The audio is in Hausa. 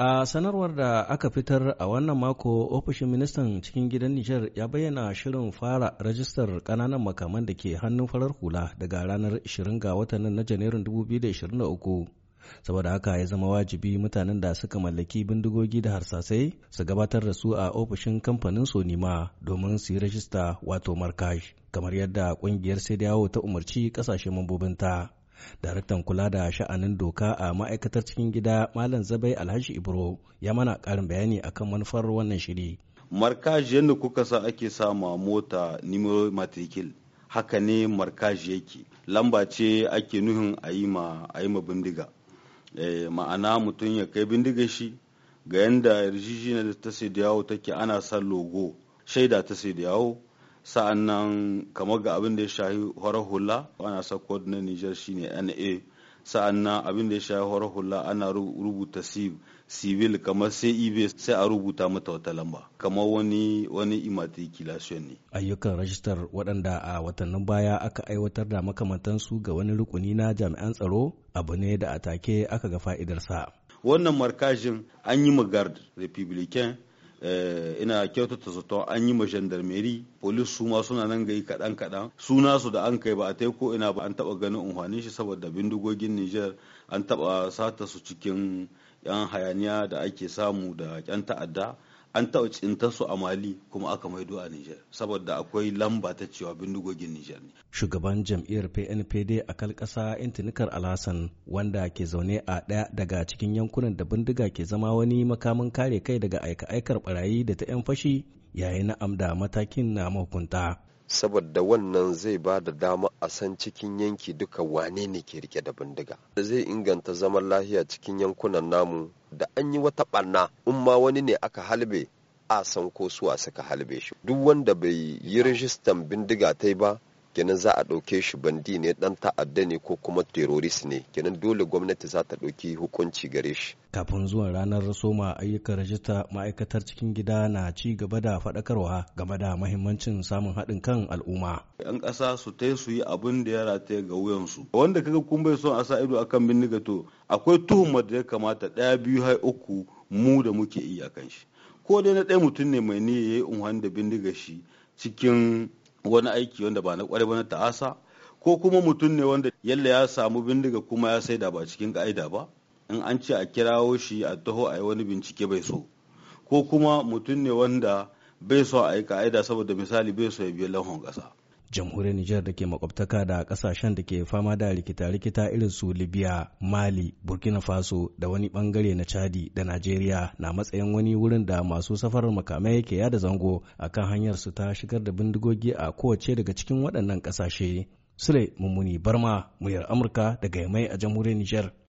A sanarwar da aka fitar a wannan mako, ofishin ministan cikin gidan Nijar ya bayyana shirin fara rajistar ƙananan makaman da ke hannun farar hula daga ranar 20 ga watan na Janairun 2023. Saboda haka ya zama wajibi mutanen da suka mallaki bindigogi da harsasai su gabatar da su a ofishin kamfanin Sonima domin su yi rajista wato markash, kamar yadda ƙungiyar sai ta umarci ƙasashen mambobinta. daraktan kula da sha'anin doka a ma'aikatar cikin gida malam zabai alhaji ibro ya mana karin bayani akan manufar wannan shiri markaji yadda kuka sa ake sama mota nimero matrikil haka ne markaji yake lamba ce ake nuhin a yi ma bindiga eh, ma'ana mutum ya kai bindiga shi ga yadda yarjejina da ta sai da yawo take ana sa logo shaida ta sai da yawo sa'an nan kamar ga abin da ya shahi horar hula ana sako na nijar shine na sa'an nan abin da ya shahi horar hula ana rubuta civil kamar sai ibe sai a rubuta mata wata lamba kamar wani wani immatriculation ne ayyukan rajistar waɗanda a watannin baya aka aiwatar da makamantansu ga wani rukuni na jami'an tsaro abu ne da a take aka ga fa'idarsa wannan markajin an yi magard republican Eh, ina kyautata zato an yi ma gendarmerie polis su ma suna nan gai kaɗan kaɗan suna su da an kai ba a ta ko ina ba an taɓa ganin unhwanin shi saboda bindigogin niger an taɓa sata su cikin yan hayaniya da ake samu da yan ta'adda an taɓa tsinta su a mali kuma aka maido a niger saboda akwai lamba ta cewa bindigogin niger ne shugaban jam'iyyar pnpd a kal intanikar alhassan wanda ke zaune a ɗaya daga cikin yankunan da bindiga ke zama wani makamin kare kai daga aika-aikar barayi da ta 'yan fashi yayi na'am da matakin na mahukunta saboda wannan zai ba da dama a san cikin yanki duka wane ne ke rike da bindiga Da zai inganta zaman lahiya cikin yankunan namu da an yi wata ɓanna in ma wani ne aka halbe a san ko suwa suka halbe shi duk wanda bai yi rijistan bindiga ta ba kenan za a ɗauke shi bandi ne ɗan ta'adda ne ko kuma terrorist ne kenan dole gwamnati za ta ɗauki hukunci gare shi kafin zuwan ranar soma ayyukan rajista ma'aikatar cikin gida na ci gaba da faɗakarwa game da mahimmancin samun haɗin kan al'umma yan ƙasa su tai su yi abin da ya rataya ga wuyansu wanda kaga kun bai son a sa ido akan bindiga to akwai tuhumar da ya kamata ɗaya biyu har uku mu da muke iya kan shi ko dai na ɗaya mutum ne mai niyya ya yi unhan da bindiga shi cikin wani aiki wanda ba na kwarai ba na ta'asa ko kuma mutum ne wanda yalla ya samu bindiga kuma ya saida ba cikin ka'ida ba in an ce a kirawo shi a taho a yi wani bincike bai so ko kuma mutum ne wanda bai so a yi ka'ida saboda misali bai so ya biya lahon ƙasa jamhuriyar Nijar da ke makwabtaka da kasashen da ke fama da rikita-rikita irin su Libya, Mali, Burkina Faso da wani bangare na Chadi da Najeriya na matsayin wani wurin da masu safarar makamai yake yada zango a kan hanyar su ta shigar da bindigogi a kowace daga cikin waɗannan ƙasashe. Sule Mummuni Barma, muyar Amurka daga Yamai a jamhuriyar Nijar.